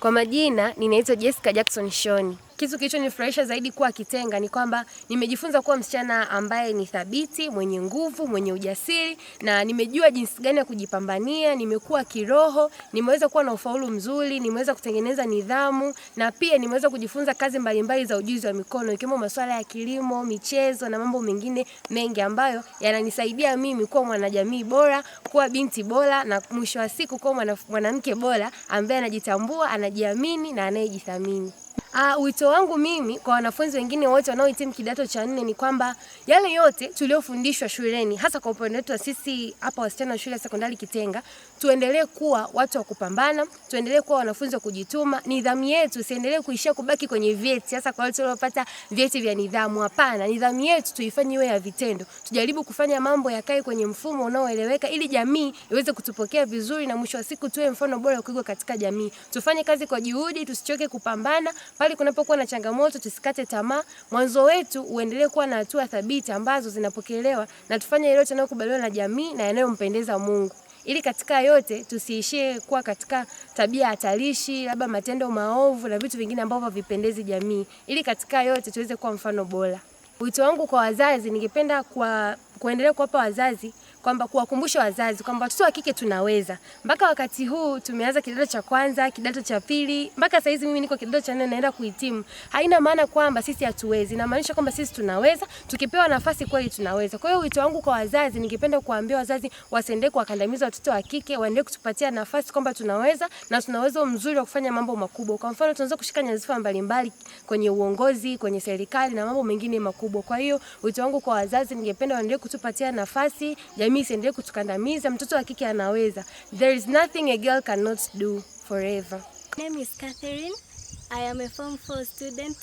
Kwa majina ninaitwa Jessica Jackson Shoni kitu kilichonifurahisha zaidi kuwa kitenga ni kwamba nimejifunza kuwa msichana ambaye ni thabiti, mwenye nguvu, mwenye ujasiri na nimejua jinsi gani ya kujipambania. Nimekuwa kiroho, nimeweza kuwa na ufaulu mzuri, nimeweza kutengeneza nidhamu na pia nimeweza kujifunza kazi mbalimbali za ujuzi wa mikono ikiwemo masuala ya kilimo, michezo na mambo mengine mengi ambayo yananisaidia mimi kuwa mwanajamii bora, kuwa binti bora na mwisho wa siku kuwa mwanamke bora ambaye anajitambua, anajiamini na anayejithamini. Uh, wito wangu mimi kwa wanafunzi wengine wote wanaohitimu kidato cha nne ni kwamba yale yote tuliofundishwa shuleni hasa kwa upande wetu sisi hapa wasichana shule ya sekondari Kitenga, tuendelee kuwa watu wa kupambana, tuendelee kuwa wanafunzi wa kujituma. Nidhamu yetu siendelee kuishia kubaki kwenye vyeti, hasa kwa watu waliopata vyeti vya nidhamu. Hapana, nidhamu yetu tuifanye iwe ya vitendo, tujaribu kufanya mambo yakae kwenye mfumo unaoeleweka ili jamii iweze kutupokea vizuri, na mwisho wa siku tuwe mfano bora wa kuigwa katika jamii. Tufanye kazi kwa juhudi, tusichoke kupambana pale kunapokuwa na changamoto, tusikate tamaa. Mwanzo wetu uendelee kuwa na hatua thabiti ambazo zinapokelewa na tufanye yote yanayokubaliwa na jamii na yanayompendeza Mungu ili katika yote tusiishie kuwa katika tabia hatarishi, labda matendo maovu na vitu vingine ambavyo havipendezi jamii, ili katika yote tuweze kuwa mfano bora. Wito wangu kwa wazazi, ningependa kuendelea kuwapa wazazi kwamba kuwakumbusha wazazi kwamba watoto wa kike tunaweza. Mpaka wakati huu tumeanza kidato cha kwanza, kidato cha pili, mpaka saizi mimi niko kidato cha nne naenda kuhitimu. Haina maana kwamba sisi hatuwezi, inamaanisha kwamba sisi tunaweza, tukipewa nafasi kweli tunaweza. Kwa hiyo wito wangu kwa wazazi, ningependa kuambia wazazi wasiendelee kuwakandamiza watoto wa kike, waendelee kutupatia nafasi kwamba tunaweza na tuna uwezo mzuri wa kufanya mambo makubwa. Kwa mfano, tunaweza kushika nyadhifa mbalimbali kwenye uongozi, kwenye serikali na mambo mengine makubwa. Kwa hiyo wito wangu kwa wazazi, ningependa waendelee kutupatia nafasi jamii tusiwaangamize, endelee kutukandamiza. Mtoto wa kike anaweza. There is nothing a girl cannot do forever. My name is Catherine. I am a form 4 student.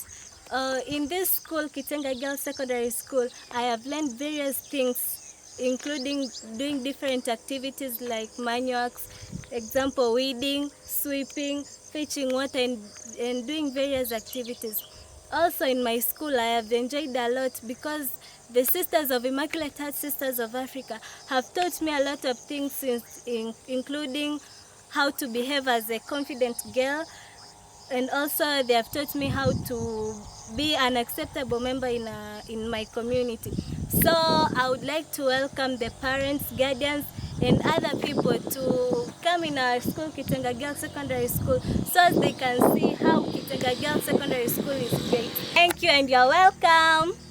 Uh, in this school, Kitenga Girls Secondary School, I have learned various things, including doing different activities like manuals, example, weeding, sweeping, fetching water, and, and doing various activities. Also in my school, I have enjoyed a lot because The Sisters of Immaculate Heart Sisters of Africa have taught me a lot of things in, in, including how to behave as a confident girl and also they have taught me how to be an acceptable member in, a, in my community. So I would like to welcome the parents, guardians and other people to come in our school, Kitenga Girls Secondary School, so as they can see how Kitenga Girls Secondary School is great. Thank you and you're welcome.